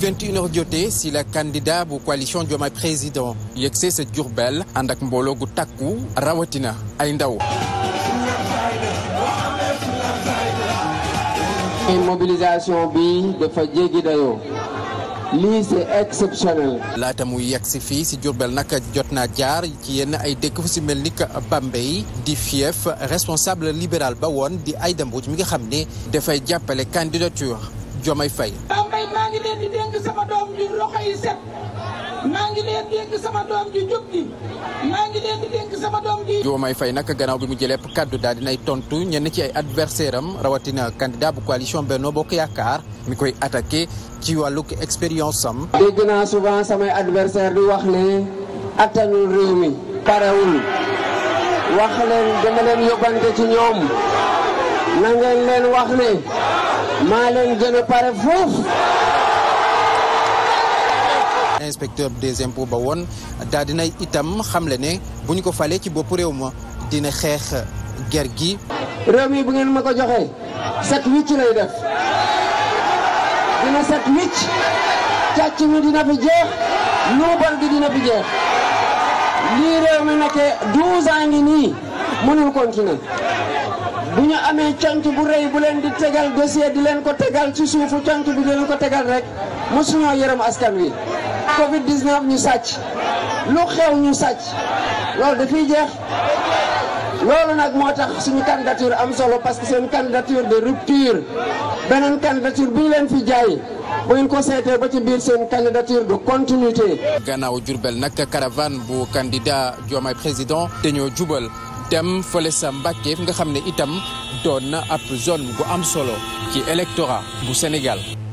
21 heures jotee si la candidat bu coalition Diomaye président yegsee sa Diourbel ànd mbooloo gu takku rawatina ay ndaw. mobilisation laata muy yegg si fii si Diourbel nag jot naa jaar ci yenn ay dëkk fu si mel ni que di fief responsable libéral ba woon di Aïda Mbodj mi nga xam ne dafay jàppale candidature Diomaye Faye. ngi fay di dénk sama doom ju loxo gannaaw bi mu jëlepp kàddu daal dinay tontu ñenn ci ay rawatina candidat bu coalition Benno Bokk Yaakaar mi koy attaqué ci wàllug expérience am. dégg naa souvent samay adversaire di wax ne attanul réew mi parewul wax leen dama leen yóbbante ci ñoom na leen wax ne maa leen gën pare foofu. inspecteur des impôts ba woon daal dina itam xamle ne bu ñu ko falee ci bopp réew ma dina xeex ger gi. réew mi bu ngeen ma ko joxee set wicc lay def dina set wicc càcc mi dina fi jeex luubal gi dina fi jeex lii réew mi nekkee 12 ans ngi nii mënul continuer bu ñu amee cant bu rëy bu leen di tegal dossier di leen ko tegal ci suufu cant bi di leen ko tegal rek mosuñoo yërëm askan wi. Covid 19 ñu sàcc lu xew ñu sàcc loolu dafiy jeex loolu nag moo tax suñu candidature am solo parce que seen une candidature de rupture beneen candidature bu leen fi jaay bu ngeen ko seetee ba ci biir seen candidature de continuité. gannaaw Diourbel nag caravane bu candidat Diomaye président te dañoo jubal dem fële sa Mbàkke nga xam ne itam doon na ab zone bu am solo ci électorat bu Sénégal.